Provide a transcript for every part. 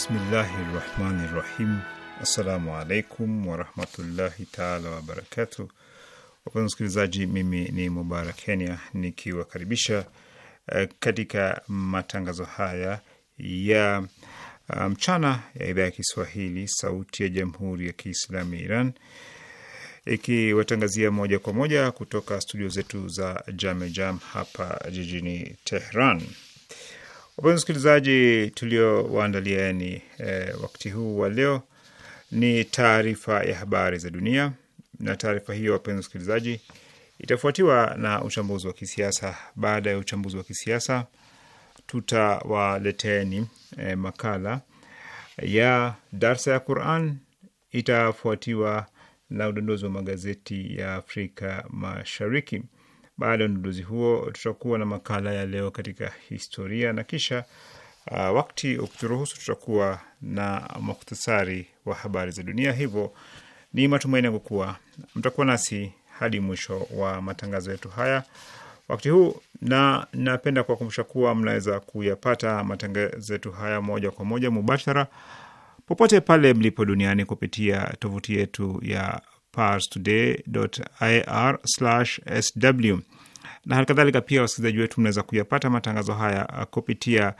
Bismillahi rahmani rahim. Assalamu alaikum warahmatullahi taala wabarakatu. Wapenzi msikilizaji, mimi ni Mubarak Kenya nikiwakaribisha eh, katika matangazo haya ya eh, mchana ya idhaa ya Kiswahili sauti ya jamhuri ya Kiislamu ya Iran ikiwatangazia moja kwa moja kutoka studio zetu za Jamejam Jam hapa jijini Tehran. Wapenzi wasikilizaji, tuliowaandalieni e, wakati huu wa leo ni taarifa ya habari za dunia, na taarifa hiyo wapenzi wasikilizaji, itafuatiwa na uchambuzi wa kisiasa. Baada ya uchambuzi wa kisiasa, tutawaleteni e, makala ya darsa ya Quran, itafuatiwa na udondozi wa magazeti ya Afrika Mashariki. Baada ya unduduzi huo, tutakuwa na makala ya leo katika historia na kisha uh, wakati ukituruhusu, tutakuwa na muhtasari wa habari za dunia. Hivyo ni matumaini yangu kuwa mtakuwa nasi hadi mwisho wa matangazo yetu haya wakati huu, na napenda kuwakumbusha kuwa mnaweza kuyapata matangazo yetu haya moja kwa moja mubashara popote pale mlipo duniani kupitia tovuti yetu ya parstoday.ir/sw. Na hali kadhalika pia wasikilizaji wetu mnaweza kuyapata matangazo haya uh, kupitia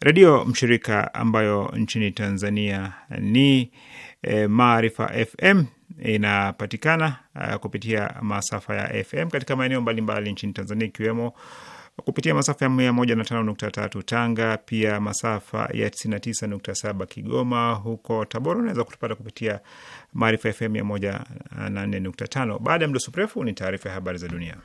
redio mshirika ambayo nchini Tanzania ni e, Maarifa FM inapatikana e, kupitia masafa ya FM katika maeneo mbalimbali nchini Tanzania ikiwemo kupitia masafa ya 105.3 Tanga, pia masafa ya 99.7 Kigoma. Huko Tabora unaweza kutupata kupitia Maarifa FM 104.5. Baada ya mdoso mrefu ni taarifa ya habari za dunia.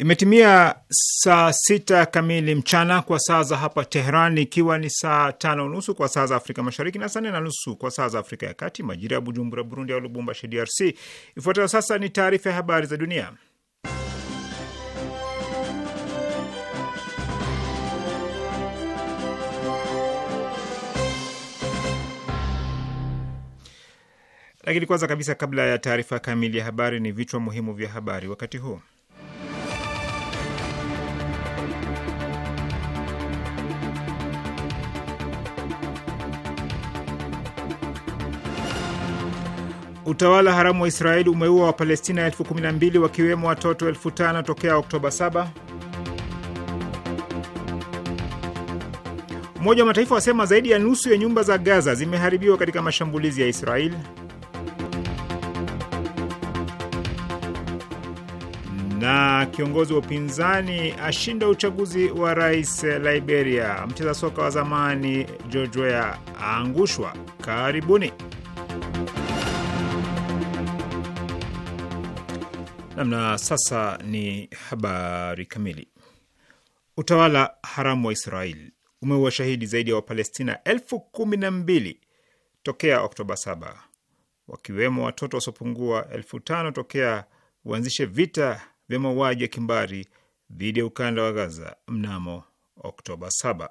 Imetimia saa sita kamili mchana kwa saa za hapa Tehran, ikiwa ni saa tano nusu kwa saa za Afrika Mashariki na saa nne na nusu kwa saa za Afrika ya Kati, majira ya Bujumbura, Burundi au Lubumbashi, DRC. Ifuatayo sasa ni taarifa ya habari za dunia, lakini kwanza kabisa, kabla ya taarifa kamili ya habari, ni vichwa muhimu vya habari wakati huu. Utawala haramu wa Israeli umeua Wapalestina elfu kumi na mbili wakiwemo watoto elfu tano tokea Oktoba 7. Umoja wa Mataifa wasema zaidi ya nusu ya nyumba za Gaza zimeharibiwa katika mashambulizi ya Israeli. na kiongozi wa upinzani ashinda uchaguzi wa rais Liberia. Mcheza soka wa zamani George Weah aangushwa. Karibuni. Namna sasa ni habari kamili. Utawala haramu wa Israel umeua shahidi zaidi ya wa Wapalestina elfu kumi na mbili tokea Oktoba 7 wakiwemo watoto wasiopungua elfu tano tokea uanzishe vita vya mauaji ya kimbari dhidi ya ukanda wa Gaza mnamo Oktoba 7.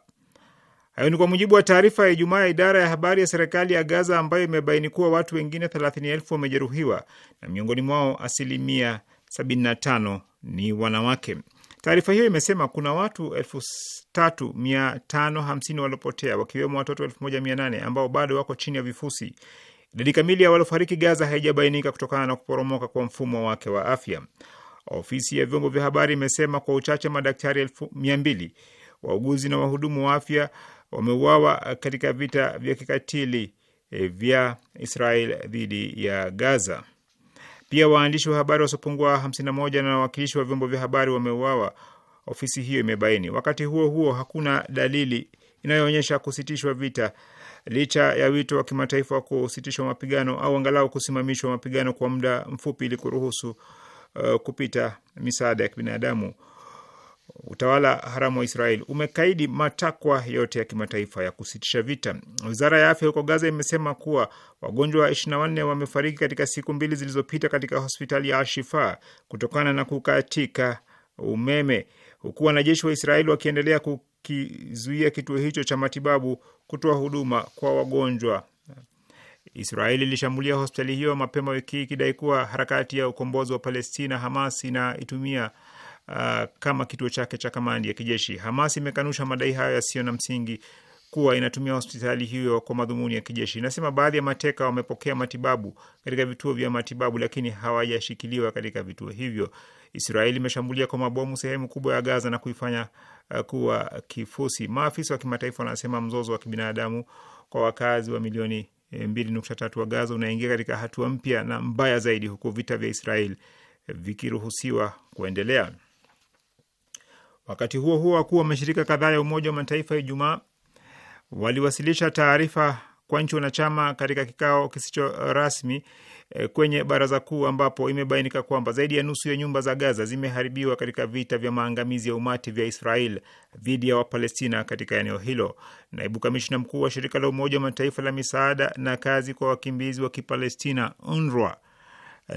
Hayo ni kwa mujibu wa taarifa ya Ijumaa ya idara ya habari ya serikali ya Gaza ambayo imebaini kuwa watu wengine 3 wamejeruhiwa na miongoni mwao asilimia 75 ni wanawake. Taarifa hiyo imesema kuna watu 3550 waliopotea wakiwemo watoto elfu ambao bado wako chini ya vifusi. Idadi kamili ya waliofariki Gaza haijabainika kutokana na kuporomoka kwa mfumo wake wa afya. Ofisi ya vyombo vya habari imesema kwa uchache madaktari elfu wauguzi na wahudumu wa afya wameuawa katika vita vya kikatili eh, vya Israel dhidi ya Gaza. Pia waandishi wa habari wasiopungua 51 na wawakilishi wa vyombo vya habari wameuawa, ofisi hiyo imebaini. Wakati huo huo, hakuna dalili inayoonyesha kusitishwa vita licha ya wito wa kimataifa wa kusitishwa mapigano au angalau kusimamishwa mapigano kwa muda mfupi ili kuruhusu uh, kupita misaada ya kibinadamu utawala haramu wa Israel umekaidi matakwa yote ya kimataifa ya kusitisha vita. Wizara ya afya huko Gaza imesema kuwa wagonjwa 24 wamefariki katika siku mbili zilizopita katika hospitali ya Ashifa kutokana na kukatika umeme, huku wanajeshi wa israel wakiendelea kukizuia kituo hicho cha matibabu kutoa huduma kwa wagonjwa. Israeli ilishambulia hospitali hiyo mapema wiki hii ikidai kuwa harakati ya ukombozi wa Palestina Hamas inaitumia uh, kama kituo chake cha kamandi ya kijeshi. Hamas imekanusha madai hayo yasiyo na msingi kuwa inatumia hospitali hiyo kwa madhumuni ya kijeshi. Inasema baadhi ya mateka wamepokea matibabu katika vituo vya matibabu, lakini hawajashikiliwa katika vituo hivyo. Israeli imeshambulia kwa mabomu sehemu kubwa ya Gaza na kuifanya uh, kuwa kifusi. Maafisa wa kimataifa wanasema mzozo wa kibinadamu kwa wakazi wa milioni 2.3 eh, wa Gaza unaingia katika hatua mpya na mbaya zaidi, huku vita vya Israeli vikiruhusiwa kuendelea. Wakati huo huo, wakuu wa mashirika kadhaa ya Umoja wa Mataifa Ijumaa waliwasilisha taarifa kwa nchi wanachama katika kikao kisicho rasmi eh, kwenye baraza kuu ambapo imebainika kwamba zaidi ya nusu ya nyumba za Gaza zimeharibiwa katika vita vya maangamizi ya umati vya Israel dhidi ya Wapalestina katika eneo hilo. Naibu kamishna mkuu wa shirika la Umoja wa Mataifa la misaada na kazi kwa wakimbizi wa Kipalestina, UNRWA,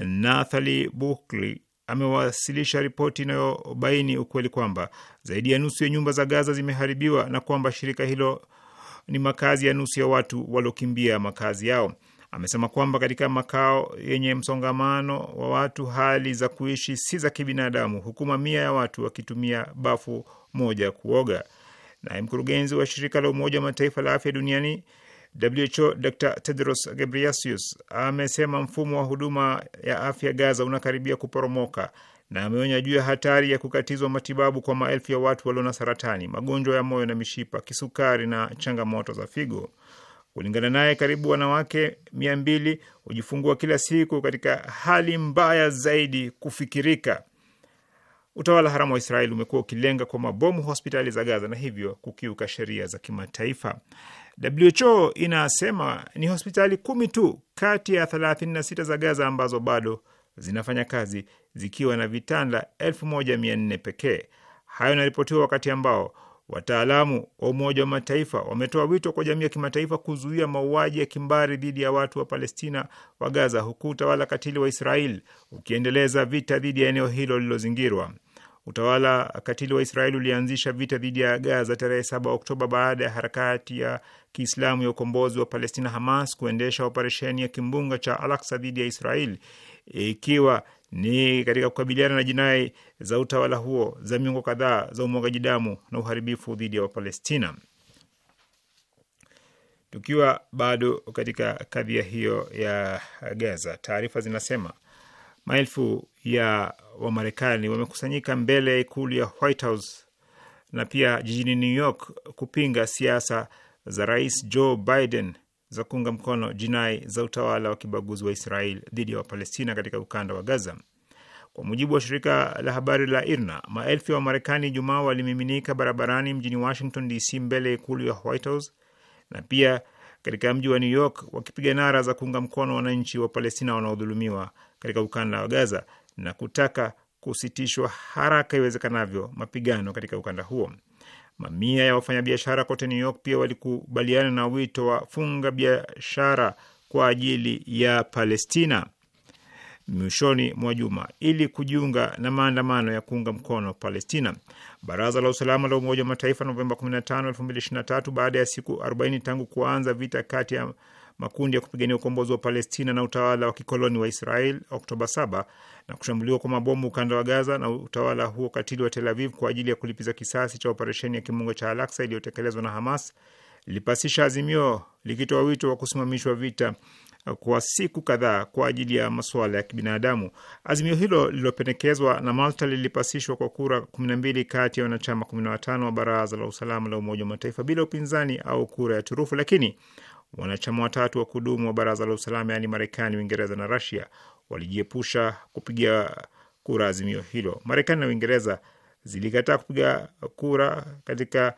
Nathali Bukley amewasilisha ripoti inayobaini ukweli kwamba zaidi ya nusu ya nyumba za Gaza zimeharibiwa na kwamba shirika hilo ni makazi ya nusu ya watu waliokimbia makazi yao. Amesema kwamba katika makao yenye msongamano wa watu hali za kuishi si za kibinadamu, huku mamia ya watu wakitumia bafu moja kuoga. Naye mkurugenzi wa shirika la Umoja wa Mataifa la afya duniani WHO Dr Tedros Ghebreyesus amesema mfumo wa huduma ya afya Gaza unakaribia kuporomoka na ameonya juu ya hatari ya kukatizwa matibabu kwa maelfu ya watu walio na saratani, magonjwa ya moyo na mishipa, kisukari na changamoto za figo. Kulingana naye, karibu wanawake mia mbili hujifungua kila siku katika hali mbaya zaidi kufikirika. Utawala haramu wa israel umekuwa ukilenga kwa mabomu hospitali za Gaza na hivyo kukiuka sheria za kimataifa. WHO inasema ni hospitali kumi tu kati ya 36 za Gaza ambazo bado zinafanya kazi zikiwa na vitanda nne pekee. Hayo inaripotiwa wakati ambao wataalamu wa Umoja wa Mataifa wametoa wito kwa jamii ya kimataifa kuzuia mauaji ya kimbari dhidi ya watu wa Palestina wa Gaza, huku utawala katili wa Israel ukiendeleza vita dhidi ya eneo hilo lilozingirwa. Utawala katili wa Israeli ulianzisha vita dhidi ya Gaza tarehe 7 Oktoba baada ya harakati ya Kiislamu ya ukombozi wa Palestina, Hamas, kuendesha operesheni ya kimbunga cha Al-Aqsa dhidi ya Israeli ikiwa e, ni katika kukabiliana na jinai za utawala huo za miongo kadhaa za umwagaji damu na uharibifu dhidi ya Wapalestina. Tukiwa bado katika kadhia hiyo ya Gaza, taarifa zinasema maelfu ya Wamarekani wamekusanyika mbele ya ikulu ya White House na pia jijini New York kupinga siasa za Rais Joe Biden za kuunga mkono jinai za utawala wa kibaguzi wa Israel dhidi ya Wapalestina katika ukanda wa Gaza. Kwa mujibu wa shirika la habari la IRNA, maelfu ya Wamarekani Ijumaa walimiminika barabarani mjini Washington DC, mbele ya ikulu ya White House na pia katika mji wa New York wakipiga nara za kuunga mkono wananchi wa Palestina wanaodhulumiwa katika ukanda wa Gaza na kutaka kusitishwa haraka iwezekanavyo mapigano katika ukanda huo. Mamia ya wafanyabiashara kote New York pia walikubaliana na wito wa funga biashara kwa ajili ya Palestina mwishoni mwa juma ili kujiunga na maandamano ya kuunga mkono Palestina. Baraza la usalama la Umoja wa Mataifa Novemba 15, 2023 baada ya siku 40 tangu kuanza vita kati ya makundi ya kupigania ukombozi wa Palestina na utawala wa kikoloni wa Israel Oktoba 7 na kushambuliwa kwa mabomu ukanda wa Gaza na utawala huo katili wa Tel Aviv kwa ajili ya kulipiza kisasi cha operesheni ya kimungo cha alaksa iliyotekelezwa na Hamas lilipasisha azimio likitoa wito wa kusimamishwa vita kwa siku kadhaa kwa ajili ya masuala ya kibinadamu. Azimio hilo lililopendekezwa na Malta lilipasishwa kwa kura 12 kati ya wanachama 15 wa Baraza la Usalama la Umoja wa Mataifa bila upinzani au kura ya turufu, lakini wanachama watatu wa kudumu wa baraza la usalama yaani Marekani, Uingereza na Rasia walijiepusha kupiga kura azimio hilo. Marekani na Uingereza zilikataa kupiga kura katika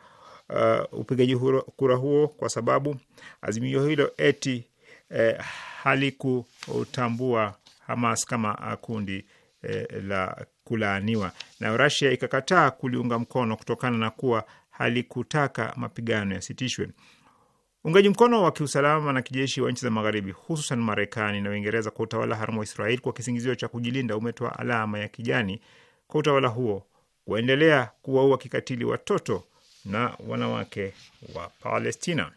uh, upigaji kura huo kwa sababu azimio hilo eti eh, halikutambua Hamas kama uh, kundi eh, la kulaaniwa, na Rasia ikakataa kuliunga mkono kutokana na kuwa halikutaka mapigano yasitishwe. Uungaji mkono wa kiusalama na kijeshi wa nchi za Magharibi, hususan Marekani na Uingereza, kwa utawala haramu wa Israeli kwa kisingizio cha kujilinda umetoa alama ya kijani kwa utawala huo kuendelea kuwaua kikatili watoto na wanawake wa Palestina.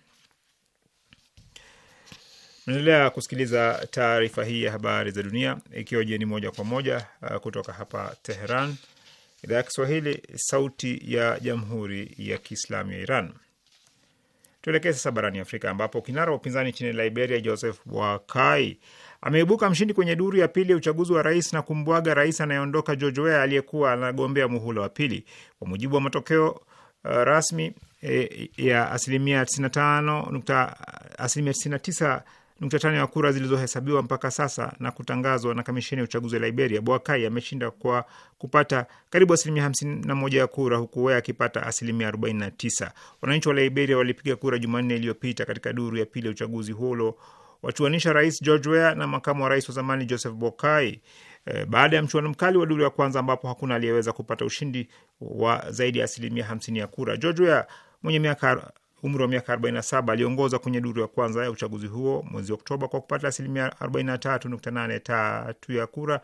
Naendelea kusikiliza taarifa hii ya habari za dunia ikiwa jieni moja kwa moja uh, kutoka hapa Teheran, idhaa ya Kiswahili, sauti ya jamhuri ya kiislamu ya Iran. Tuelekee sasa barani Afrika ambapo kinara wa upinzani nchini Liberia Joseph Boakai ameibuka mshindi kwenye duru ya pili ya uchaguzi wa rais na kumbwaga rais anayeondoka George Weah aliyekuwa anagombea muhula wa pili. Kwa mujibu wa matokeo uh, rasmi e, ya asilimia 95 nukta uh, asilimia 99 nukta tano ya kura zilizohesabiwa mpaka sasa na kutangazwa na kamisheni ya uchaguzi wa Liberia, Boakai ameshinda kwa kupata karibu asilimia hamsini na moja ya kura huku Wea akipata asilimia arobaini na tisa. Wananchi wa Liberia walipiga kura Jumanne iliyopita katika duru ya pili ya uchaguzi huo wachuanisha rais George Wea na makamu wa rais wa zamani Joseph Boakai e, baada ya mchuano mkali wa duru ya kwanza ambapo hakuna aliyeweza kupata ushindi wa zaidi ya asilimia hamsini ya kura. George Wea mwenye miaka umri wa miaka 47 aliongoza kwenye duru ya kwanza ya uchaguzi huo mwezi Oktoba kwa kupata asilimia 43.83 ya kura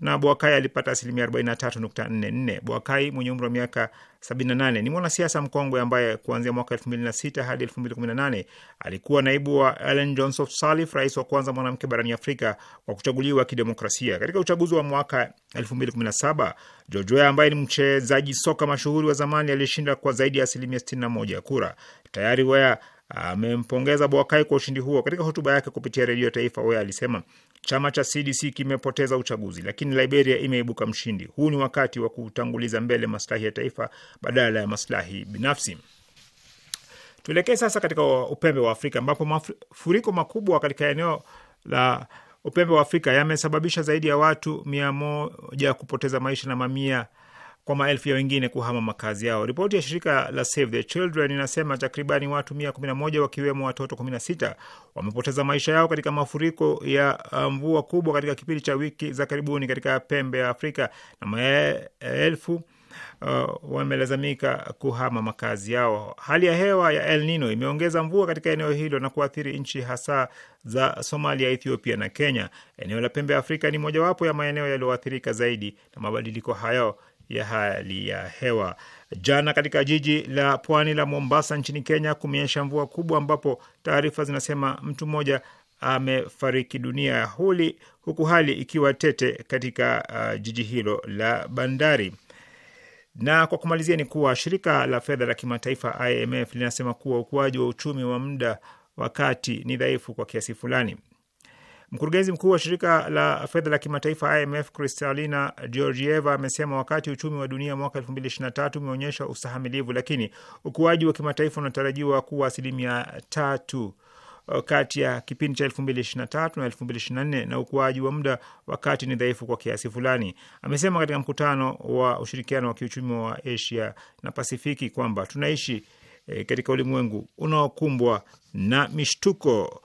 na Bwakai alipata asilimia 43.44. Bwakai mwenye umri wa miaka 78 ni mwanasiasa mkongwe ambaye kuanzia mwaka 2006 hadi 2018 alikuwa naibu wa Ellen Johnson Sirleaf, rais wa kwanza mwanamke barani Afrika kwa kuchaguliwa kidemokrasia. Katika uchaguzi wa mwaka 2017, George Weah ambaye ni mchezaji soka mashuhuri wa zamani alishinda kwa zaidi ya asilimia 61 ya kura. Tayari Weah amempongeza Bwakai kwa ushindi huo. Katika hotuba yake kupitia redio ya taifa, Weah alisema Chama cha CDC kimepoteza uchaguzi, lakini Liberia imeibuka mshindi. Huu ni wakati wa kutanguliza mbele maslahi ya taifa badala ya maslahi binafsi. Tuelekee sasa katika upembe wa Afrika ambapo mafuriko makubwa katika eneo la upembe wa Afrika yamesababisha zaidi ya watu mia moja kupoteza maisha na mamia kwa maelfu ya wengine kuhama makazi yao. Ripoti ya shirika la Save the Children inasema takribani watu 111 wakiwemo watoto 16 wamepoteza maisha yao katika mafuriko ya uh, mvua kubwa katika kipindi cha wiki za karibuni katika pembe ya Afrika na maelfu Uh, wamelazimika kuhama makazi yao. Hali ya hewa ya El Nino imeongeza mvua katika eneo hilo na kuathiri nchi hasa za Somalia, Ethiopia na Kenya. Eneo la pembe ya Afrika ni mojawapo ya maeneo yaliyoathirika zaidi na mabadiliko hayo ya hali ya hewa. Jana katika jiji la pwani la Mombasa nchini Kenya kumenyesha mvua kubwa, ambapo taarifa zinasema mtu mmoja amefariki dunia huli huku hali ikiwa tete katika uh, jiji hilo la bandari. Na kwa kumalizia ni kuwa shirika la fedha la kimataifa IMF linasema kuwa ukuaji wa uchumi wa muda wakati ni dhaifu kwa kiasi fulani. Mkurugenzi mkuu wa shirika la fedha la kimataifa IMF Kristalina Georgieva amesema wakati uchumi wa dunia mwaka 2023 umeonyesha ustahamilivu, lakini ukuaji wa kimataifa unatarajiwa kuwa asilimia tatu uh, kati ya kipindi cha 2023 na 2024 na ukuaji wa muda wakati ni dhaifu kwa kiasi fulani. Amesema katika mkutano wa ushirikiano wa kiuchumi wa Asia na Pasifiki kwamba tunaishi eh, katika ulimwengu unaokumbwa na mishtuko.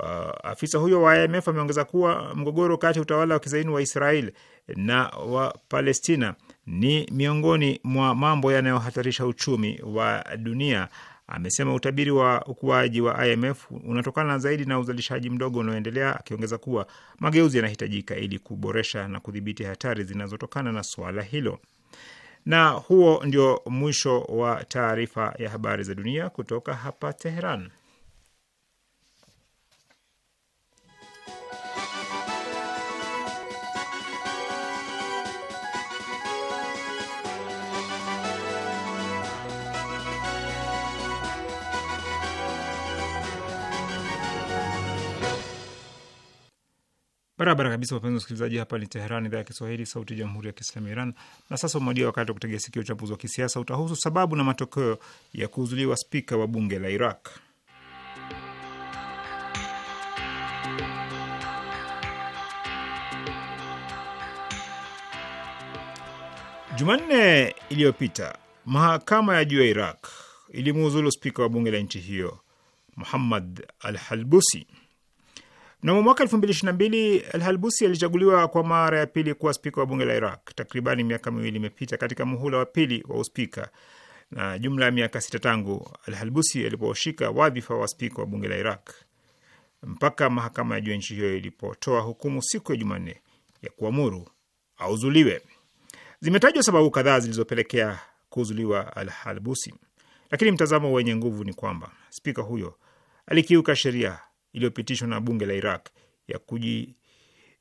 Uh, afisa huyo wa IMF ameongeza kuwa mgogoro kati ya utawala wa kizaini wa Israel na wa Palestina ni miongoni mwa mambo yanayohatarisha uchumi wa dunia. Amesema utabiri wa ukuaji wa IMF unatokana zaidi na uzalishaji mdogo unaoendelea, akiongeza kuwa mageuzi yanahitajika ili kuboresha na kudhibiti hatari zinazotokana na suala hilo. Na huo ndio mwisho wa taarifa ya habari za dunia kutoka hapa Teheran. Barabara kabisa, wapenzi wasikilizaji, hapa ni Teheran, idhaa ya Kiswahili, sauti ya jamhuri ya kiislamu ya Iran. Na sasa umewadia wakati wa kutegea sikio. Uchambuzi wa kisiasa utahusu sababu na matokeo ya kuuzuliwa spika wa bunge la Iraq. Jumanne iliyopita mahakama ya juu ya Iraq ilimuuzulu spika wa bunge la nchi hiyo Muhammad Al Halbusi. Mnamo mwaka elfu mbili 2022 Al-Halbusi alichaguliwa kwa mara ya pili kuwa spika wa bunge la Iraq. Takribani miaka miwili imepita katika muhula wa pili wa uspika na jumla ya miaka sita tangu Al-Halbusi aliposhika wadhifa wa spika wa bunge la Iraq mpaka mahakama ya juu ya nchi hiyo ilipotoa hukumu siku ya Jumanne ya kuamuru auzuliwe. Zimetajwa sababu kadhaa zilizopelekea kuuzuliwa Al-Halbusi, lakini mtazamo wenye nguvu ni kwamba spika huyo alikiuka sheria iliyopitishwa na bunge la Iraq ya kuji,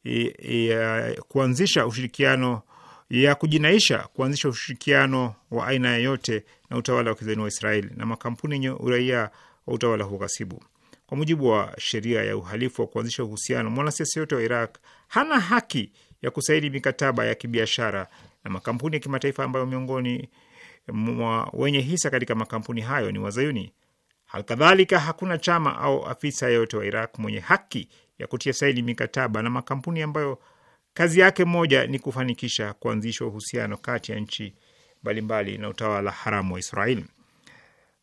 e, e, ya kuanzisha ushirikiano ya kujinaisha kuanzisha ushirikiano wa aina yoyote na utawala wa kizayuni wa Israeli na makampuni yenye uraia wa utawala huu ghasibu. Kwa mujibu wa sheria ya uhalifu wa kuanzisha uhusiano, mwanasiasa yote wa Iraq hana haki ya kusaini mikataba ya kibiashara na makampuni ya kimataifa ambayo miongoni mwa wenye hisa katika makampuni hayo ni Wazayuni halkadhalika hakuna chama au afisa yeyote wa Iraq mwenye haki ya kutia saini mikataba na makampuni ambayo kazi yake moja ni kufanikisha kuanzishwa uhusiano kati ya nchi mbalimbali na utawala haramu wa Israeli.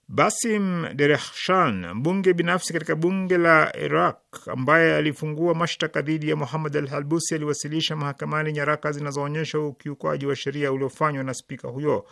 Basim Derehshan, mbunge binafsi katika bunge la Iraq ambaye alifungua mashtaka dhidi ya Muhamad al Halbusi, aliwasilisha mahakamani nyaraka zinazoonyesha ukiukaji wa sheria uliofanywa na spika huyo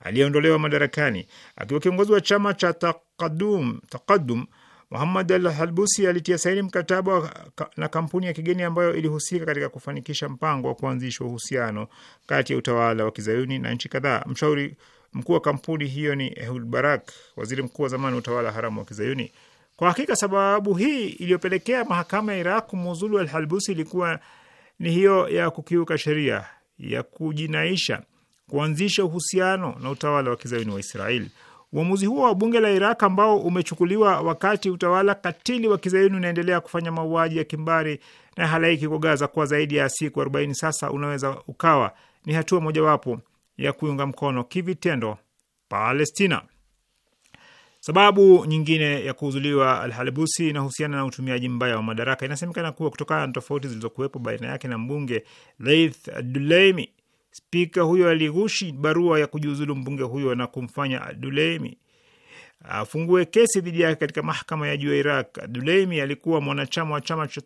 aliyeondolewa madarakani. Akiwa kiongozi wa chama cha Taqadum, Taqadum, Muhammad al Halbusi alitia saini mkataba na kampuni ya kigeni ambayo ilihusika katika kufanikisha mpango wa kuanzishwa uhusiano kati ya utawala wa kizayuni na nchi kadhaa. Mshauri mkuu wa kampuni hiyo ni Ehud Barak, waziri mkuu wa zamani wa utawala haramu wa kizayuni. Kwa hakika sababu hii iliyopelekea mahakama ya Iraq kumuuzulu al Halbusi ilikuwa ni hiyo ya kukiuka sheria ya kujinaisha kuanzisha uhusiano na utawala wa kizayuni wa Israeli. Uamuzi huo wa bunge la Iraq ambao umechukuliwa wakati utawala katili wa kizayuni unaendelea kufanya mauaji ya kimbari na halaiki kwa Gaza kwa zaidi ya siku 40 sasa, unaweza ukawa ni hatua mojawapo ya kuiunga mkono kivitendo Palestina. Sababu nyingine ya kuhuzuliwa Alhalibusi inahusiana na utumiaji mbaya wa madaraka. Inasemekana kuwa kutokana na tofauti zilizokuwepo baina yake na mbunge Leith Adulaimi Spika huyo alighushi barua ya kujiuzulu mbunge huyo na kumfanya Duleimi afungue kesi dhidi yake katika mahakama ya juu ya Iraq. Duleimi alikuwa mwanachama wa chama cha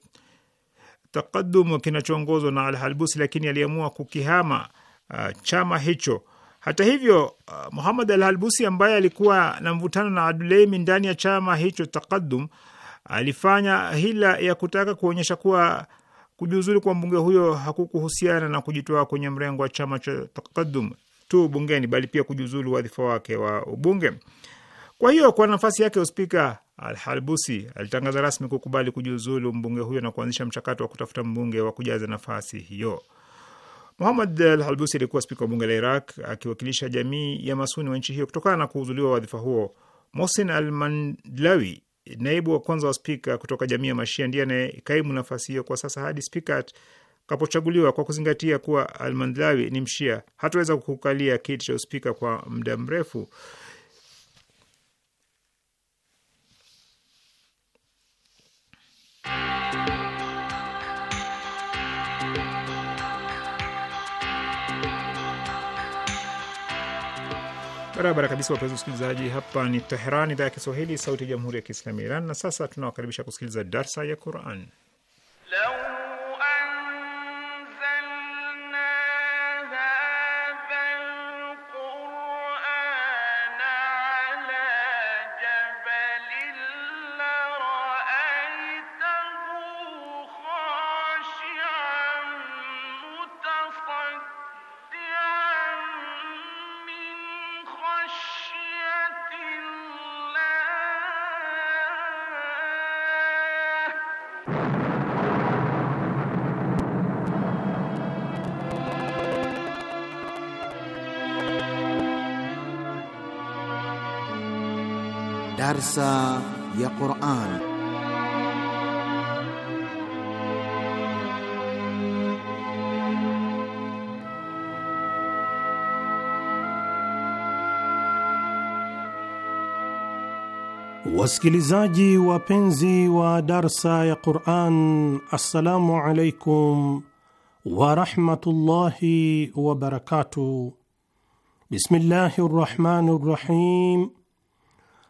Taqadum kinachoongozwa na Al Halbusi, lakini aliamua kukihama uh, chama hicho. Hata hivyo, uh, Muhamad Al Halbusi ambaye alikuwa na mvutano na Duleimi ndani ya chama hicho Taqadum alifanya hila ya kutaka kuonyesha kuwa Kujiuzulu kwa mbunge huyo hakukuhusiana na kujitoa kwenye mrengo wa chama cha Takadum tu bungeni, bali pia kujiuzulu wadhifa wake wa ubunge. Kwa hiyo kwa nafasi yake uspika Alhalbusi alitangaza rasmi kukubali kujiuzulu mbunge huyo na kuanzisha mchakato wa kutafuta mbunge wa kujaza nafasi hiyo. Muhamad Al-Halbusi alikuwa spika wa bunge la Iraq akiwakilisha jamii ya Masuni wa nchi hiyo. Kutokana na kuhuzuliwa wadhifa huo, Mohsin Al-Mandlawi naibu wa kwanza wa spika kutoka jamii ya Mashia ndiye anayekaimu nafasi hiyo kwa sasa hadi spika kapochaguliwa. Kwa kuzingatia kuwa Almandlawi ni mshia, hataweza kukalia kiti cha uspika kwa muda mrefu. Barabara kabisa, wapenzi wasikilizaji, hapa ni Teheran, idhaa ya Kiswahili, sauti ya jamhuri ya kiislamu ya Iran. Na sasa tunawakaribisha kusikiliza darsa ya Quran. darsa يا قرآن Wasikilizaji wapenzi wa darsa ya Quran, assalamu alaikum wa wabarakatuh. Bismillahi rrahmani rahim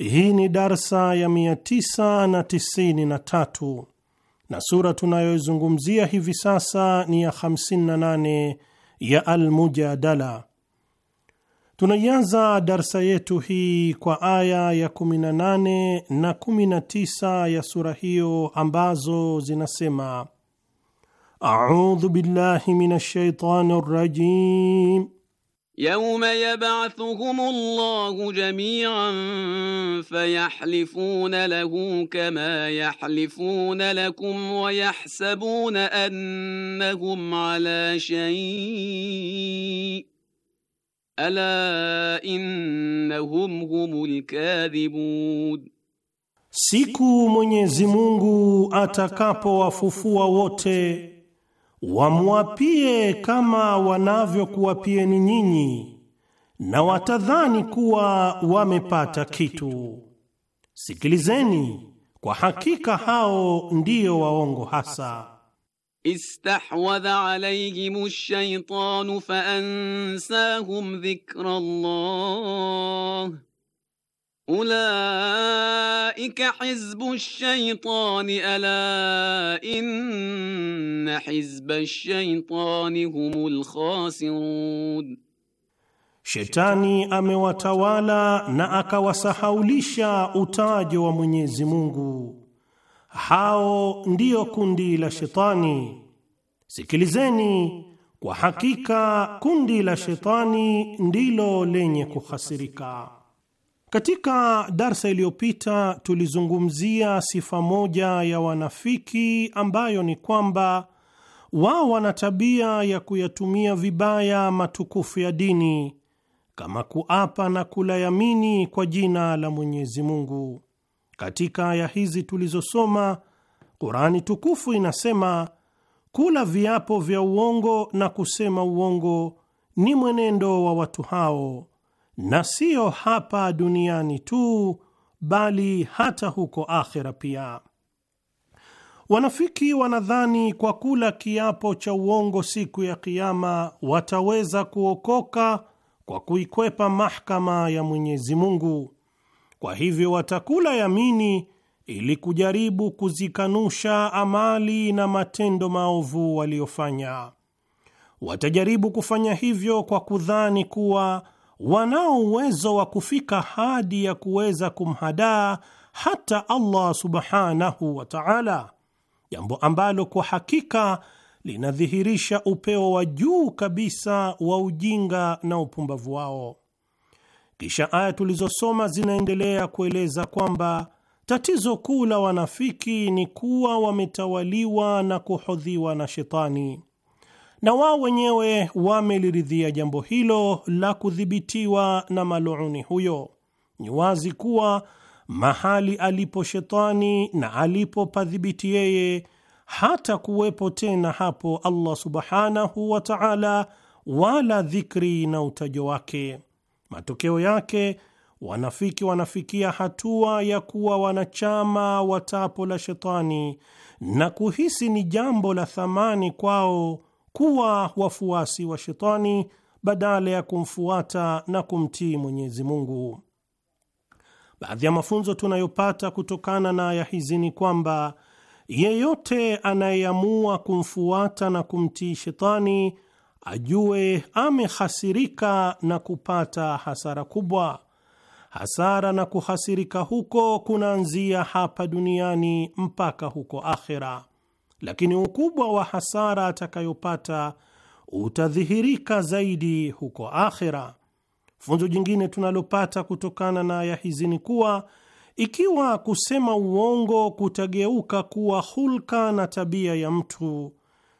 Hii ni darsa ya 993 na, na sura tunayoizungumzia hivi sasa ni ya 58 ya Almujadala. Tunaianza darsa yetu hii kwa aya ya 18 na 19 ya sura hiyo ambazo zinasema: audhu billahi minash shaitani rajim يوم يبعثهم الله جميعا فيحلفون له كما يحلفون لكم ويحسبون انهم على شيء الا انهم هم الكاذبون siku mwenyezi mungu atakapowafufua wote wamwapie kama wanavyokuwapieni nyinyi, na watadhani kuwa wamepata kitu. Sikilizeni, kwa hakika hao ndiyo waongo hasa. Istahwadha alayhimu shaitanu faansaahum dhikra Allah Ulaika hizbu shaitani ala inna hizba shaitani humul khasirun, shetani amewatawala na akawasahaulisha utajo wa Mwenyezi Mungu, hao ndiyo kundi la shetani. Sikilizeni, kwa hakika kundi la shetani ndilo lenye kuhasirika. Katika darsa iliyopita tulizungumzia sifa moja ya wanafiki ambayo ni kwamba wao wana tabia ya kuyatumia vibaya matukufu ya dini kama kuapa na kulayamini kwa jina la Mwenyezi Mungu. Katika aya hizi tulizosoma, Kurani tukufu inasema kula viapo vya uongo na kusema uongo ni mwenendo wa watu hao na siyo hapa duniani tu, bali hata huko akhera pia. Wanafiki wanadhani kwa kula kiapo cha uongo siku ya Kiama wataweza kuokoka kwa kuikwepa mahakama ya Mwenyezi Mungu. Kwa hivyo watakula yamini ili kujaribu kuzikanusha amali na matendo maovu waliofanya. Watajaribu kufanya hivyo kwa kudhani kuwa wanao uwezo wa kufika hadi ya kuweza kumhadaa hata Allah subhanahu wa ta'ala, jambo ambalo kwa hakika linadhihirisha upeo wa juu kabisa wa ujinga na upumbavu wao. Kisha aya tulizosoma zinaendelea kueleza kwamba tatizo kuu la wanafiki ni kuwa wametawaliwa na kuhodhiwa na shetani na wao wenyewe wameliridhia jambo hilo la kudhibitiwa na maluuni huyo. Ni wazi kuwa mahali alipo shetani na alipopadhibiti yeye hata kuwepo tena hapo Allah subhanahu wa ta'ala, wala dhikri na utajo wake. Matokeo yake wanafiki wanafikia hatua ya kuwa wanachama wa tapo la shetani na kuhisi ni jambo la thamani kwao kuwa wafuasi wa shetani badala ya kumfuata na kumtii Mwenyezi Mungu. Baadhi ya mafunzo tunayopata kutokana na aya hizi ni kwamba yeyote anayeamua kumfuata na kumtii shetani ajue amehasirika na kupata hasara kubwa. Hasara na kuhasirika huko kunaanzia hapa duniani mpaka huko akhera lakini ukubwa wa hasara atakayopata utadhihirika zaidi huko akhera. Funzo jingine tunalopata kutokana na aya hizi ni kuwa ikiwa kusema uongo kutageuka kuwa hulka na tabia ya mtu,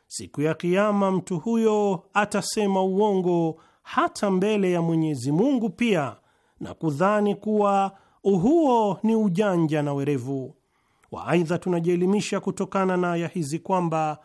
siku ya Kiama mtu huyo atasema uongo hata mbele ya Mwenyezi Mungu pia na kudhani kuwa huo ni ujanja na werevu wa aidha, tunajielimisha kutokana na aya hizi kwamba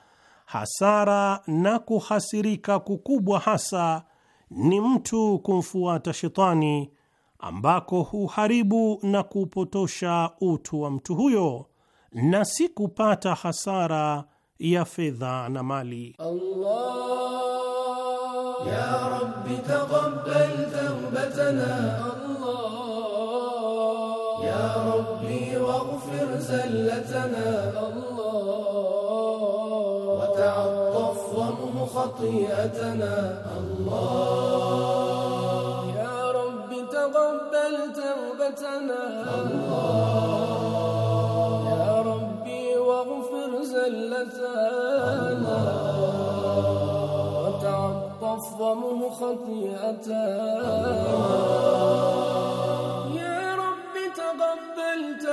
hasara na kuhasirika kukubwa hasa ni mtu kumfuata shetani ambako huharibu na kupotosha utu wa mtu huyo na si kupata hasara ya fedha na mali. Allah, ya Rabbi taqabbal tawbatana ليلتنا الله وتعطف وامه خطيئتنا الله يا رب تقبل توبتنا الله يا ربي واغفر زلتنا وتعطف وامه خطيئتنا الله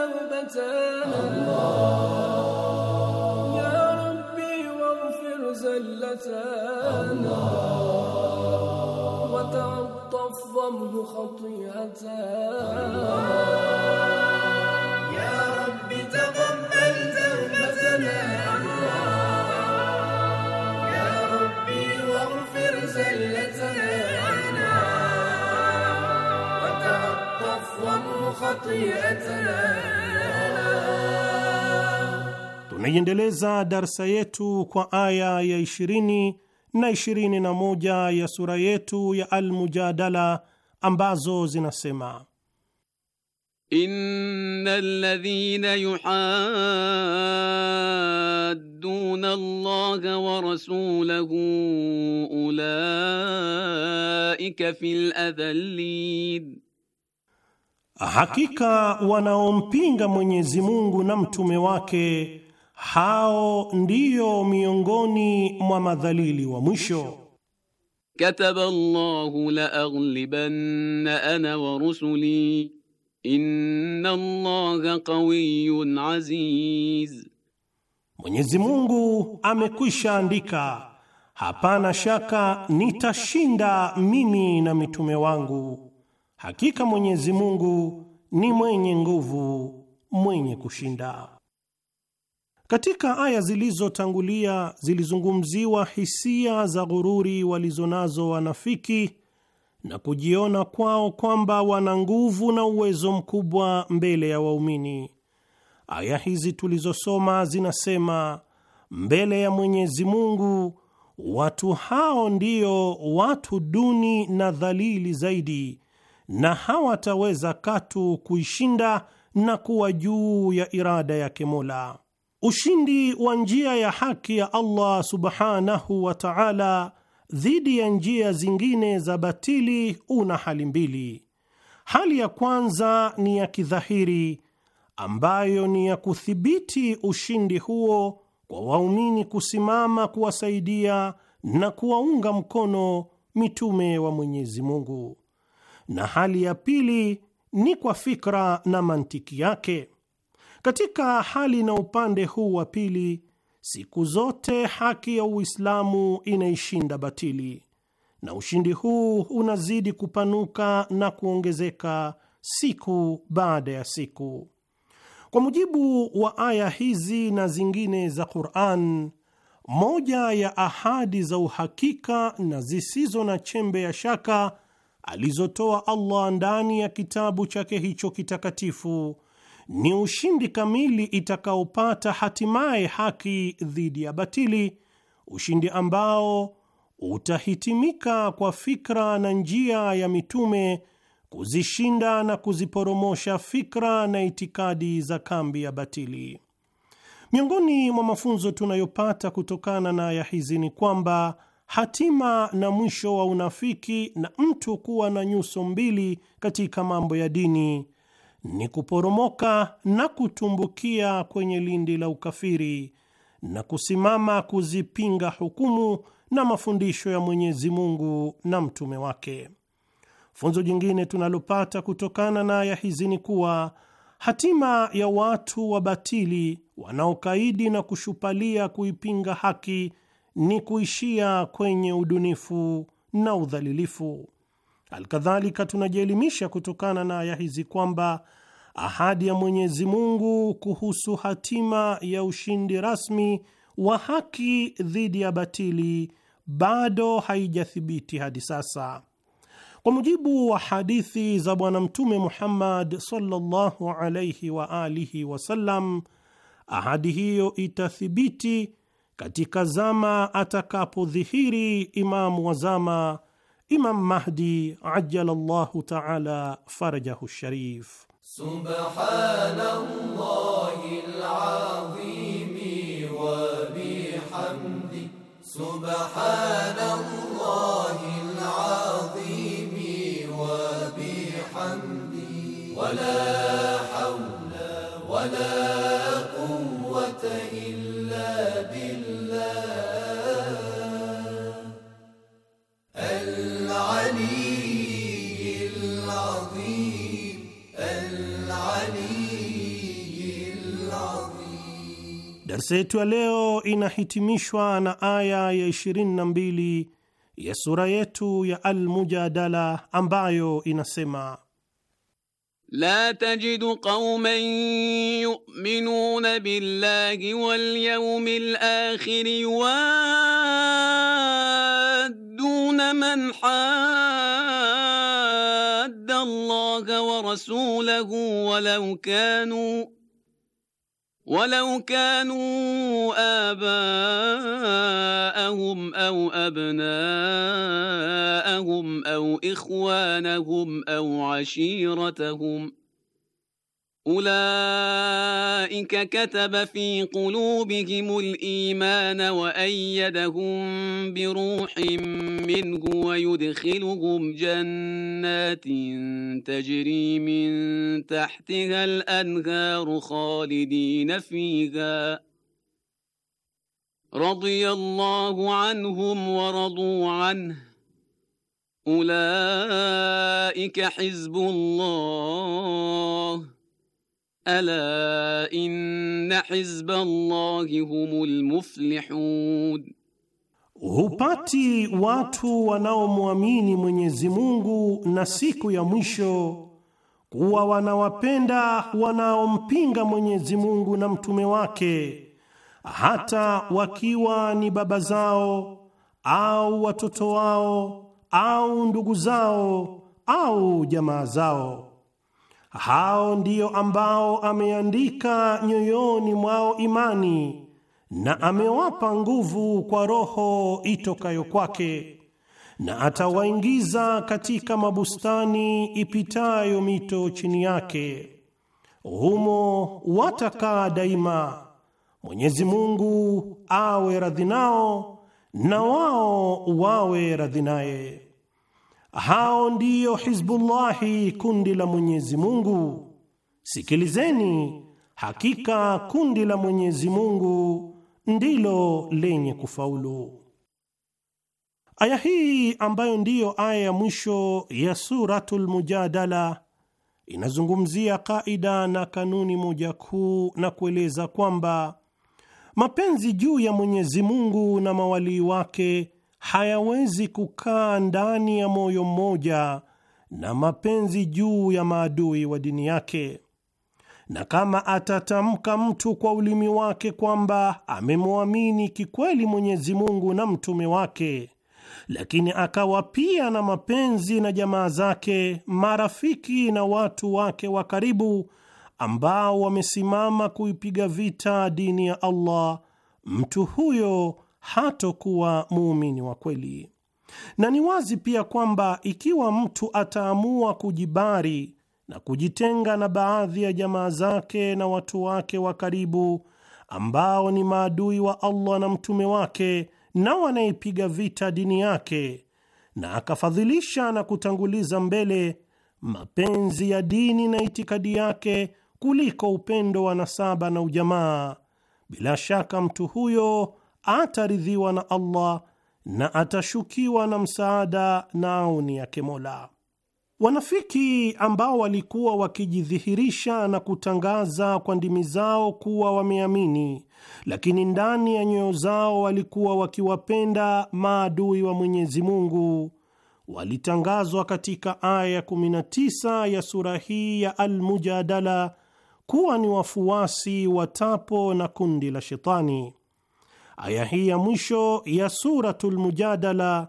توبتانا يا ربي واغفر زلتانا وتعطف ضمه خطيئتانا Tunaiendeleza darsa yetu kwa aya ya 20 na moja ya sura yetu ya Almujadala ambazo zinasema إن الذين يحادون الله ورسوله أولئك في الأذلين Hakika wanaompinga Mwenyezi Mungu na mtume wake hao ndiyo miongoni mwa madhalili wa mwisho. Kataba Allahu la aghlibanna ana wa rusuli inna Allaha qawiyyun aziz, Mwenyezi Mungu amekwisha andika, hapana shaka nitashinda mimi na mitume wangu Hakika Mwenyezi Mungu ni mwenye nguvu, mwenye kushinda. Katika aya zilizotangulia zilizungumziwa hisia za ghururi walizonazo wanafiki na kujiona kwao kwamba wana nguvu na uwezo mkubwa mbele ya waumini. Aya hizi tulizosoma zinasema mbele ya Mwenyezi Mungu watu hao ndio watu duni na dhalili zaidi na hawataweza katu kuishinda na kuwa juu ya irada yake Mola. Ushindi wa njia ya haki ya Allah subhanahu wa ta'ala dhidi ya njia zingine za batili una hali mbili. Hali ya kwanza ni ya kidhahiri, ambayo ni ya kuthibiti ushindi huo kwa waumini kusimama kuwasaidia na kuwaunga mkono mitume wa Mwenyezi Mungu na hali ya pili ni kwa fikra na mantiki yake. Katika hali na upande huu wa pili, siku zote haki ya Uislamu inaishinda batili, na ushindi huu unazidi kupanuka na kuongezeka siku baada ya siku. Kwa mujibu wa aya hizi na zingine za Qur'an, moja ya ahadi za uhakika na zisizo na chembe ya shaka alizotoa Allah ndani ya kitabu chake hicho kitakatifu ni ushindi kamili itakaopata hatimaye haki dhidi ya batili, ushindi ambao utahitimika kwa fikra na njia ya mitume kuzishinda na kuziporomosha fikra na itikadi za kambi ya batili. Miongoni mwa mafunzo tunayopata kutokana na aya hizi ni kwamba hatima na mwisho wa unafiki na mtu kuwa na nyuso mbili katika mambo ya dini ni kuporomoka na kutumbukia kwenye lindi la ukafiri na kusimama kuzipinga hukumu na mafundisho ya Mwenyezi Mungu na mtume wake. Funzo jingine tunalopata kutokana na aya hizi ni kuwa hatima ya watu wabatili wanaokaidi na kushupalia kuipinga haki ni kuishia kwenye udunifu na udhalilifu. Alkadhalika, tunajielimisha kutokana na aya hizi kwamba ahadi ya Mwenyezi Mungu kuhusu hatima ya ushindi rasmi wa haki dhidi ya batili bado haijathibiti hadi sasa. Kwa mujibu wa hadithi za Bwana Mtume Muhammad sallallahu alaihi wa alihi wasallam, ahadi hiyo itathibiti katika zama atakapodhihiri imamu wa zama Imam Mahdi ajalallahu taala farajahu sharif. Subhanallahi alazim wa bihamdi subhanallah Darsa yetu ya leo inahitimishwa na aya ya 22 ya sura yetu ya Al-Mujadala ambayo inasema لا تجد قوما يؤمنون بالله واليوم الآخر يوادون من حاد الله ورسوله ولو كانوا ولو كانوا آباءهم أو أبناءهم أو إخوانهم أو عشيرتهم ۖ أولئك كتب في قلوبهم الإيمان وأيدهم بروح منه ويدخلهم جنات تجري من تحتها الأنهار خالدين فيها رضي الله عنهم ورضوا عنه أولئك حزب الله Ala inna hizballahi humul muflihun, hupati watu wanaomwamini Mwenyezi Mungu na siku ya mwisho kuwa wanawapenda wanaompinga Mwenyezi Mungu na mtume wake hata wakiwa ni baba zao au watoto wao au ndugu zao au jamaa zao. Hao ndiyo ambao ameandika nyoyoni mwao imani na amewapa nguvu kwa roho itokayo kwake, na atawaingiza katika mabustani ipitayo mito chini yake, humo watakaa daima. Mwenyezi Mungu awe radhi nao na wao wawe radhi naye. Hao ndiyo Hizbullahi, kundi la Mwenyezi Mungu. Sikilizeni, hakika kundi la Mwenyezi Mungu ndilo lenye kufaulu. Aya hii ambayo ndiyo aya ya mwisho ya Suratul Mujadala inazungumzia kaida na kanuni moja kuu na kueleza kwamba mapenzi juu ya Mwenyezi Mungu na mawalii wake hayawezi kukaa ndani ya moyo mmoja na mapenzi juu ya maadui wa dini yake, na kama atatamka mtu kwa ulimi wake kwamba amemwamini kikweli Mwenyezi Mungu na mtume wake, lakini akawa pia na mapenzi na jamaa zake, marafiki na watu wake wa karibu ambao wamesimama kuipiga vita dini ya Allah, mtu huyo hatokuwa muumini wa kweli. Na ni wazi pia kwamba ikiwa mtu ataamua kujibari na kujitenga na baadhi ya jamaa zake na watu wake wa karibu ambao ni maadui wa Allah na mtume wake na wanaipiga vita dini yake, na akafadhilisha na kutanguliza mbele mapenzi ya dini na itikadi yake kuliko upendo wa nasaba na ujamaa, bila shaka mtu huyo ataridhiwa na Allah na atashukiwa na msaada na auni yake Mola. Wanafiki ambao walikuwa wakijidhihirisha na kutangaza kwa ndimi zao kuwa wameamini, lakini ndani ya nyoyo zao walikuwa wakiwapenda maadui wa Mwenyezi Mungu, walitangazwa katika aya ya 19 ya sura hii ya Al-Mujadala kuwa ni wafuasi watapo na kundi la shetani. Aya hii ya mwisho ya Suratul Mujadala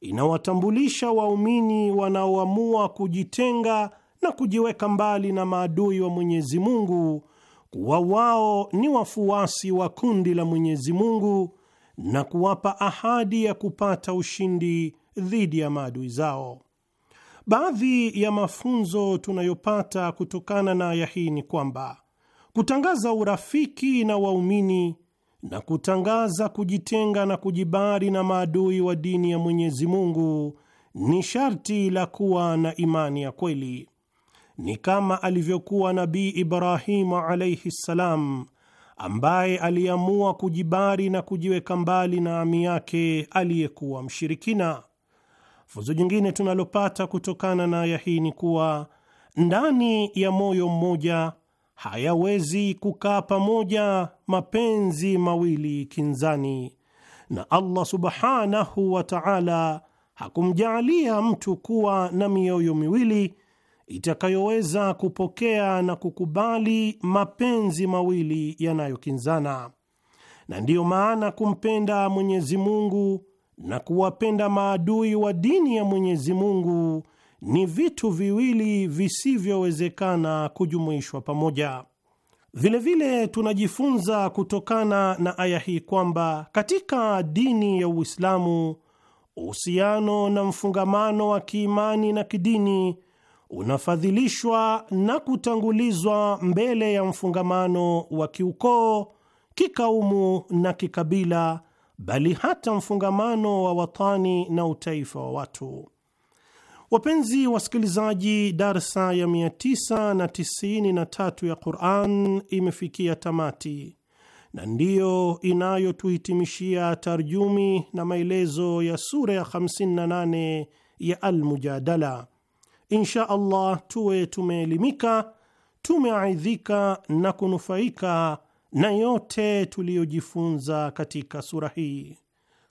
inawatambulisha waumini wanaoamua kujitenga na kujiweka mbali na maadui wa Mwenyezi Mungu kuwa wao ni wafuasi wa kundi la Mwenyezi Mungu na kuwapa ahadi ya kupata ushindi dhidi ya maadui zao. Baadhi ya mafunzo tunayopata kutokana na aya hii ni kwamba kutangaza urafiki na waumini na kutangaza kujitenga na kujibari na maadui wa dini ya Mwenyezi Mungu ni sharti la kuwa na imani ya kweli. Ni kama alivyokuwa Nabii Ibrahimu alaihi ssalam, ambaye aliamua kujibari na kujiweka mbali na ami yake aliyekuwa mshirikina. Funzo jingine tunalopata kutokana na aya hii ni kuwa ndani ya moyo mmoja hayawezi kukaa pamoja mapenzi mawili kinzani, na Allah subhanahu wa ta'ala hakumjaalia mtu kuwa na mioyo miwili itakayoweza kupokea na kukubali mapenzi mawili yanayokinzana. Na ndiyo maana kumpenda Mwenyezi Mungu na kuwapenda maadui wa dini ya Mwenyezi Mungu ni vitu viwili visivyowezekana kujumuishwa pamoja. Vilevile vile tunajifunza kutokana na aya hii kwamba katika dini ya Uislamu uhusiano na mfungamano wa kiimani na kidini unafadhilishwa na kutangulizwa mbele ya mfungamano wa kiukoo, kikaumu na kikabila, bali hata mfungamano wa watani na utaifa wa watu. Wapenzi wasikilizaji, darsa ya 993 ya Quran imefikia tamati na ndiyo inayotuhitimishia tarjumi na maelezo ya sura ya 58 ya Almujadala. Insha Allah tuwe tumeelimika, tumeaidhika na kunufaika na yote tuliyojifunza katika sura hii.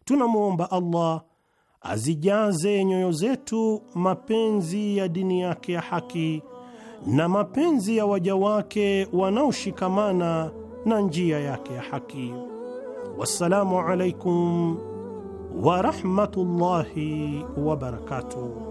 Tunamwomba Allah azijaze nyoyo zetu mapenzi ya dini yake ya haki na mapenzi ya waja wake wanaoshikamana na njia yake ya haki. Wassalamu alaikum wa rahmatullahi wa barakatuh.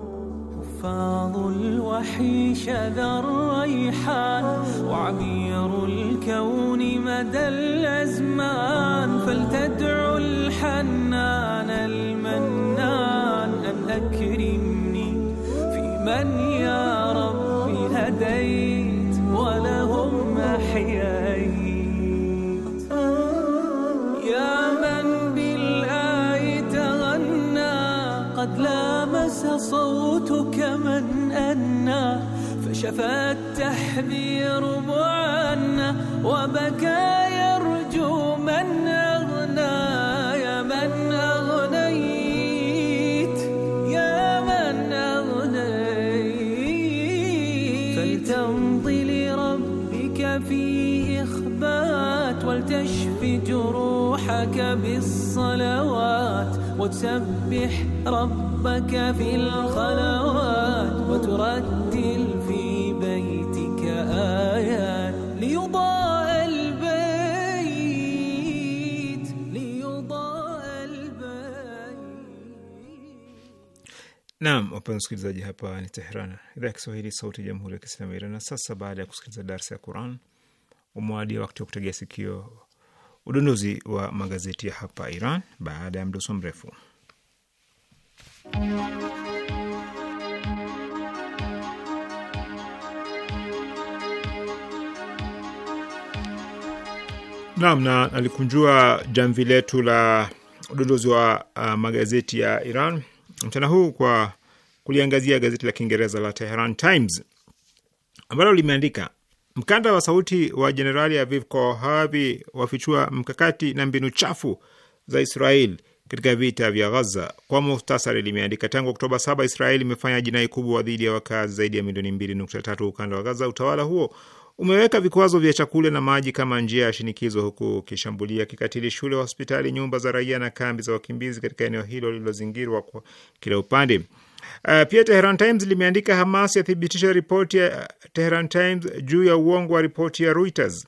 أكرمني في من يا ربي هديت ولهم أحييت يا من بالآي تغنى قد لامس صوتك من أنى فشفى التحذير معنى وبكى يرجو منا وتسبح ربك في الخلوات وترتل في بيتك آيات ليضاء البيت ليضاء البيت Naam, wapenzi wasikilizaji, hapa ni Tehran, idhaa ya Kiswahili, sauti ya jamhuri ya kiislamu ya Iran. Na sasa baada ya kusikiliza darsa ya Quran, umewadia wakati wa kutegea sikio udondozi wa magazeti ya hapa Iran baada ya mdoso mrefu. Naam, na nalikunjua jamvi letu la udondozi wa uh, magazeti ya Iran mchana huu kwa kuliangazia gazeti la Kiingereza la Teheran Times ambalo limeandika Mkanda wa sauti wa Jenerali Aviv Kohavi wafichua mkakati na mbinu chafu za Israel katika vita vya Ghaza. Kwa muhtasari, limeandika tangu Oktoba 7 israeli imefanya jinai kubwa dhidi ya wakazi zaidi ya milioni 2.3 ukanda wa Gaza. Utawala huo umeweka vikwazo vya chakula na maji kama njia ya shinikizo, huku ukishambulia kikatili shule, hospitali, nyumba za raia na kambi za wakimbizi katika eneo hilo lililozingirwa kwa kila upande. Uh, pia Teheran Times limeandika Hamas yathibitisha ripoti ya uh, Teheran Times juu ya uongo wa ripoti ya Reuters.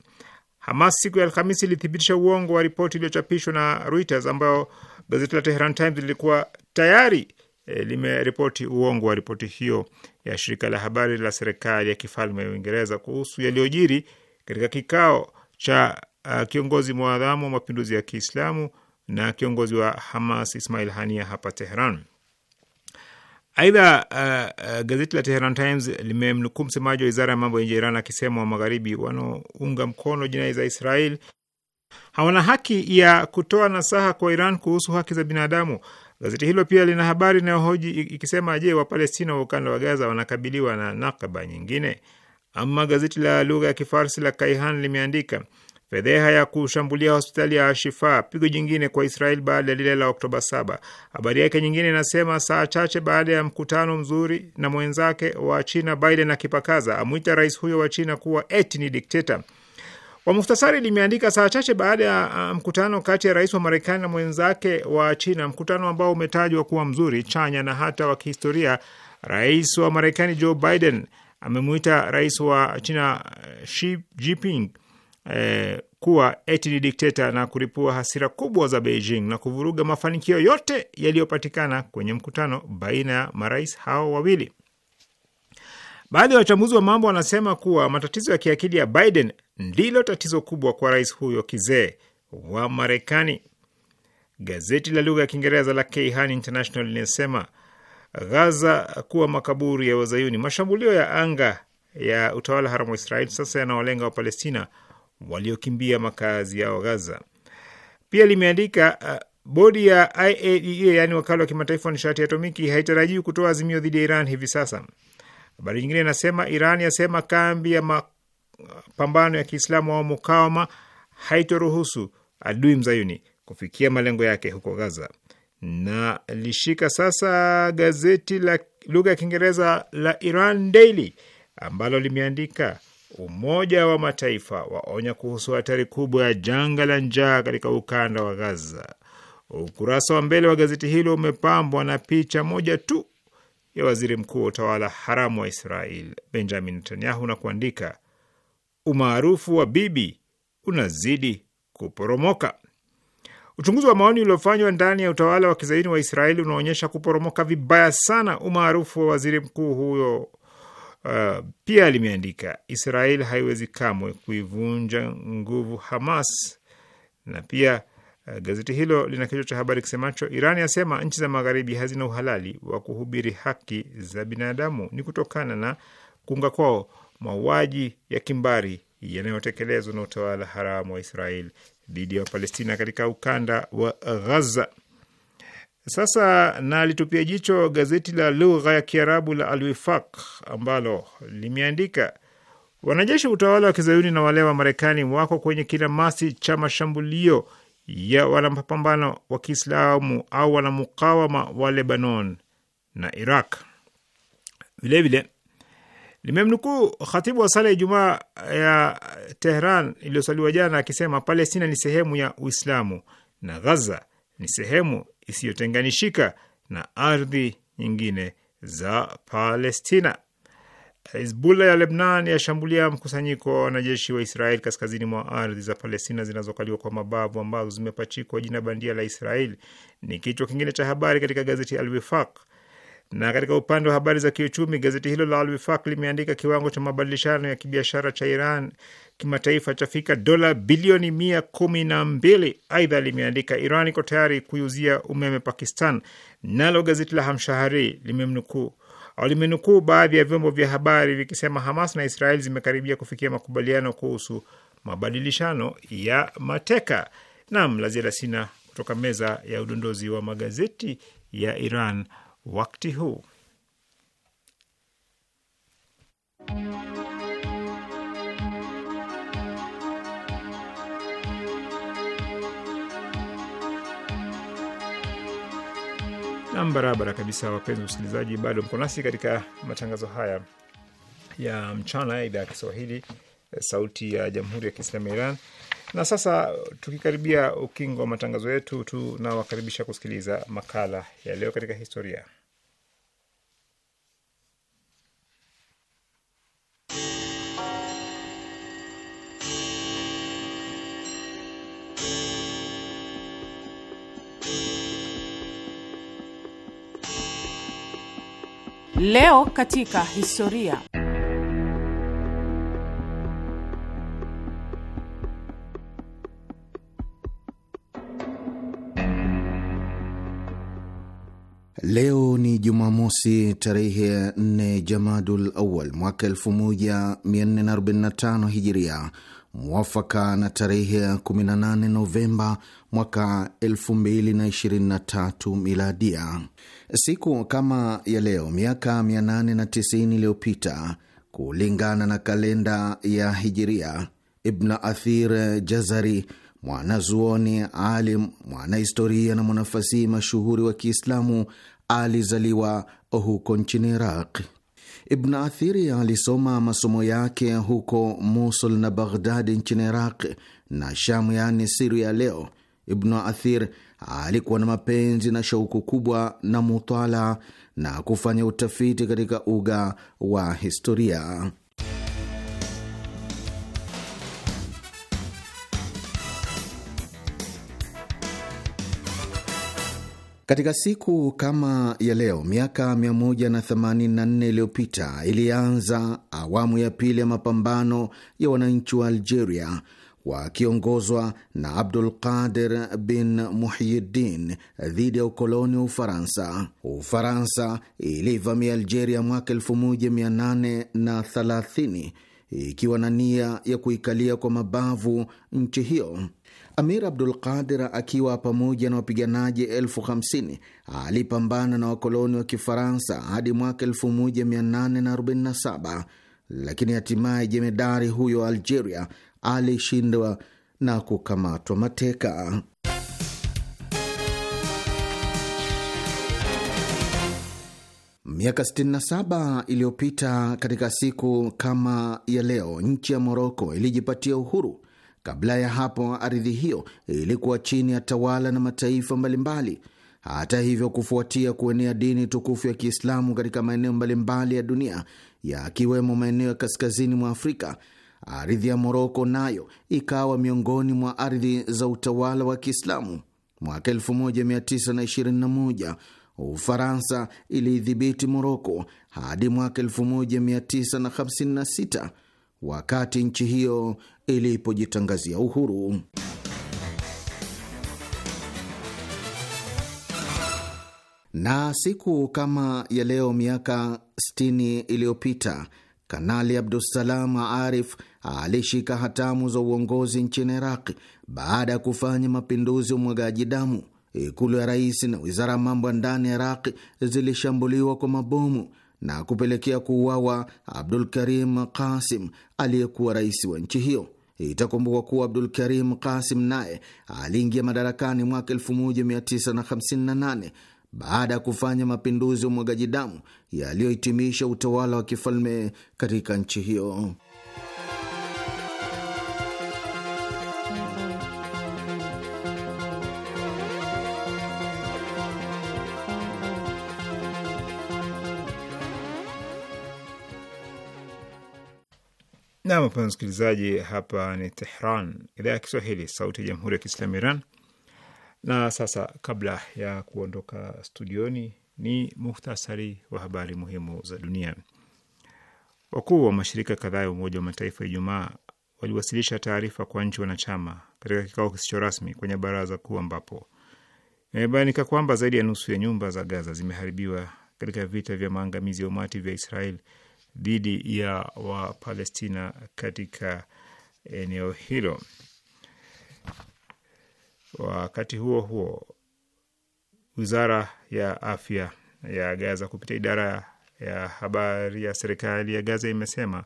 Hamas siku ya Alhamisi ilithibitisha uongo wa ripoti iliyochapishwa na Reuters ambayo gazeti la Teheran Times lilikuwa tayari eh, limeripoti uongo wa ripoti hiyo ya shirika la habari la serikali ya kifalme ya Uingereza kuhusu yaliyojiri katika kikao cha uh, kiongozi mwadhamu wa mapinduzi ya Kiislamu na kiongozi wa Hamas Ismail Hania hapa Teheran. Aidha, uh, uh, gazeti la Teheran Times limemnukuu msemaji wa wizara ya mambo ya nje ya Iran akisema wa magharibi wanaounga mkono jinai za Israel hawana haki ya kutoa nasaha kwa Iran kuhusu haki za binadamu. Gazeti hilo pia lina habari inayohoji ikisema, je, Wapalestina wa ukanda wa Gaza wanakabiliwa na nakaba nyingine? Ama gazeti la lugha ya Kifarsi la Kaihan limeandika fedheha ya kushambulia hospitali ya Shifa, pigo jingine kwa Israel baada ya lile la Oktoba 7. Habari yake nyingine inasema saa chache baada ya mkutano mzuri na mwenzake wa China, Biden akipakaza amwita rais huyo wa China kuwa eti ni dikteta. Kwa muhtasari, limeandika saa chache baada ya uh, mkutano kati ya rais wa Marekani na mwenzake wa China, mkutano ambao umetajwa kuwa mzuri, chanya na hata wa kihistoria. Rais wa Marekani Joe Biden amemwita rais wa China uh, Xi Jinping eh, kuwa eti ni dikteta na kuripua hasira kubwa za Beijing na kuvuruga mafanikio yote yaliyopatikana kwenye mkutano baina ya marais hao wawili. Baadhi ya wachambuzi wa mambo wanasema kuwa matatizo ya kiakili ya Biden ndilo tatizo kubwa kwa rais huyo kizee wa Marekani. Gazeti la lugha ya Kiingereza la Kayhan International linasema Gaza kuwa makaburi ya Wazayuni. Mashambulio ya anga ya utawala haramu wa Israeli sasa yanawalenga Wapalestina waliokimbia makazi yao Gaza. Pia limeandika uh, bodi ya IAEA yani wakala wa kimataifa wa nishati ya atomiki haitarajii kutoa azimio dhidi ya Iran hivi sasa. Habari nyingine inasema Iran yasema kambi ya mapambano ya Kiislamu au mukawama haitoruhusu adui mzayuni kufikia malengo yake huko Gaza. Na lishika sasa gazeti la lugha ya Kiingereza la Iran Daily ambalo limeandika Umoja wa Mataifa waonya kuhusu hatari kubwa ya janga la njaa katika ukanda wa Gaza. Ukurasa wa mbele wa gazeti hilo umepambwa na picha moja tu ya waziri mkuu wa utawala haramu wa Israel Benjamin Netanyahu na kuandika, umaarufu wa bibi unazidi kuporomoka. Uchunguzi wa maoni uliofanywa ndani ya utawala wa kizaini wa Israeli unaonyesha kuporomoka vibaya sana umaarufu wa waziri mkuu huyo Uh, pia limeandika Israel haiwezi kamwe kuivunja nguvu Hamas. Na pia uh, gazeti hilo lina kichwa cha habari kisemacho Iran yasema nchi za magharibi hazina uhalali wa kuhubiri haki za binadamu, ni kutokana na kuunga kwao mauaji ya kimbari yanayotekelezwa na utawala haramu wa Israel dhidi ya Wapalestina katika ukanda wa Ghaza. Sasa nalitupia jicho gazeti la lugha ya Kiarabu la Alwifaq ambalo limeandika wanajeshi utawala wa kizayuni na wale wa Marekani wako kwenye kinamasi cha mashambulio ya wanapambano wa Kiislamu au wanamukawama wa Lebanon na Iraq. Vilevile limemnukuu khatibu wa sala ya Ijumaa ya Tehran iliyosaliwa jana akisema Palestina ni sehemu ya Uislamu na Ghaza ni sehemu isiyotenganishika na ardhi nyingine za Palestina. Hizbullah ya Lebnan yashambulia mkusanyiko wa wanajeshi wa Israeli kaskazini mwa ardhi za Palestina zinazokaliwa kwa mabavu ambazo zimepachikwa jina bandia la Israeli, ni kichwa kingine cha habari katika gazeti Alwifaq. Na katika upande wa habari za kiuchumi, gazeti hilo la Alwifaq limeandika kiwango cha mabadilishano ya kibiashara cha Iran kimataifa chafika dola bilioni mia kumi na mbili. Aidha limeandika Iran iko tayari kuiuzia umeme Pakistan. Nalo gazeti la Hamshahari limemnukuu au limenukuu baadhi ya vyombo vya habari vikisema Hamas na Israel zimekaribia kufikia makubaliano kuhusu mabadilishano ya mateka. Nam la ziada sina kutoka meza ya udondozi wa magazeti ya Iran wakati huu. Nam, barabara kabisa, wapenzi wasikilizaji, bado mko nasi katika matangazo haya ya mchana ya idhaa ya Kiswahili, eh, Sauti ya Jamhuri ya Kiislamu ya Iran. Na sasa tukikaribia ukingo wa matangazo yetu, tunawakaribisha kusikiliza makala ya leo katika historia Leo katika historia. Leo ni Jumamosi, tarehe ya nne Jamadul Awal mwaka 1445 Hijiria, mwafaka na tarehe ya 18 Novemba mwaka 2023 miladia. Siku kama ya leo miaka 890 iliyopita kulingana na kalenda ya Hijiria, Ibn Athir Jazari, mwanazuoni alim, mwanahistoria na mwanafasihi mashuhuri wa Kiislamu alizaliwa huko nchini Iraq. Ibn Athiri alisoma masomo yake huko Mosul na Baghdadi nchini Iraq na Shamu, yaani Siria ya leo. Ibn Athir alikuwa na mapenzi na shauku kubwa na mutala na kufanya utafiti katika uga wa historia. Katika siku kama ya leo miaka 184 iliyopita ilianza awamu ya pili ya mapambano ya wananchi wa Algeria wakiongozwa na Abdul Qadir bin Muhyiddin dhidi ya ukoloni wa Ufaransa. Ufaransa ilivamia Algeria mwaka 1830 ikiwa na nia ya kuikalia kwa mabavu nchi hiyo. Amir Abdul Qadir akiwa pamoja na wapiganaji elfu hamsini alipambana na wakoloni wa Kifaransa hadi mwaka 1847 lakini hatimaye jemedari huyo wa Algeria alishindwa na kukamatwa mateka. Miaka 67 iliyopita katika siku kama ya leo, nchi ya Moroko ilijipatia uhuru Kabla ya hapo, ardhi hiyo ilikuwa chini ya tawala na mataifa mbalimbali. Hata hivyo, kufuatia kuenea dini tukufu ya Kiislamu katika maeneo mbalimbali ya dunia yakiwemo maeneo ya kaskazini mwa Afrika, ardhi ya Moroko nayo ikawa miongoni mwa ardhi za utawala wa Kiislamu. Mwaka 1921 Ufaransa iliidhibiti Moroko hadi mwaka 1956 wakati nchi hiyo ilipojitangazia uhuru. Na siku kama ya leo miaka 60 iliyopita Kanali Abdusalam Arif alishika hatamu za uongozi nchini Iraqi baada ya kufanya mapinduzi ya umwagaji damu. Ikulu ya rais na wizara ya mambo ya ndani ya Iraqi zilishambuliwa kwa mabomu na kupelekea kuuawa Abdul Karim Qasim aliyekuwa rais wa nchi hiyo. Itakumbukwa kuwa Abdul Karim Kasim naye aliingia madarakani mwaka 1958 baada ya kufanya mapinduzi ya umwagaji damu yaliyohitimisha utawala wa kifalme katika nchi hiyo. Nam, wapenzi msikilizaji, hapa ni Tehran, idhaa ya Kiswahili, sauti ya jamhuri ya kiislamu Iran. Na sasa kabla ya kuondoka studioni, ni muhtasari wa habari muhimu za dunia. Wakuu wa mashirika kadhaa ya Umoja wa Mataifa Ijumaa waliwasilisha taarifa kwa nchi wanachama katika kikao kisicho rasmi kwenye Baraza Kuu, ambapo imebainika kwamba zaidi ya nusu ya nyumba za Gaza zimeharibiwa katika vita vya maangamizi ya umati vya Israeli dhidi ya Wapalestina katika eneo hilo. Wakati huo huo, wizara ya afya ya Gaza kupitia idara ya habari ya serikali ya Gaza imesema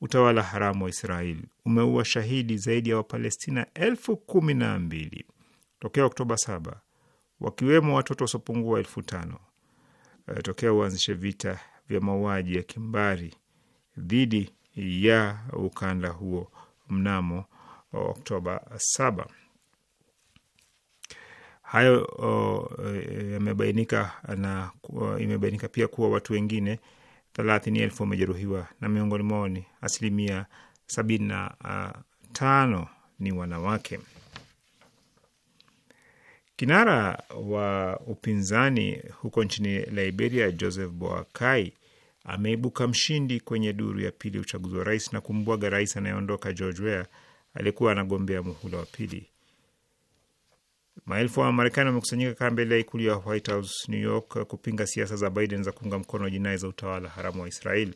utawala haramu wa Israel umeua shahidi zaidi ya Wapalestina elfu kumi na mbili tokea Oktoba saba, wakiwemo watoto wasiopungua elfu tano eh, tokea uanzishe vita vya mauaji ya kimbari dhidi ya ukanda huo mnamo Oktoba saba Hayo e, yamebainika na imebainika pia kuwa watu wengine thelathini elfu wamejeruhiwa na miongoni mwao ni asilimia sabini na tano ni wanawake. Kinara wa upinzani huko nchini Liberia, Joseph Boakai ameibuka mshindi kwenye duru ya pili ya uchaguzi wa rais na kumbwaga rais anayeondoka George Weah aliyekuwa anagombea muhula wa pili. Maelfu wa Marekani wamekusanyika kaa mbele ya ikulu ya White House New York kupinga siasa za Biden za kuunga mkono jinai za utawala haramu wa Israel.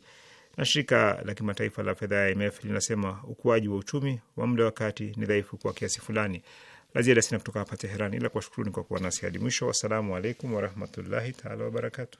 Na shirika la kimataifa la fedha ya IMF linasema ukuaji wa uchumi wa muda wa kati ni dhaifu kwa kiasi fulani. La ziada sina kutoka hapa Teheran, ila kuwashukuruni kwa kuwa nasi hadi mwisho. Wassalamu alaikum warahmatullahi taala wabarakatuh.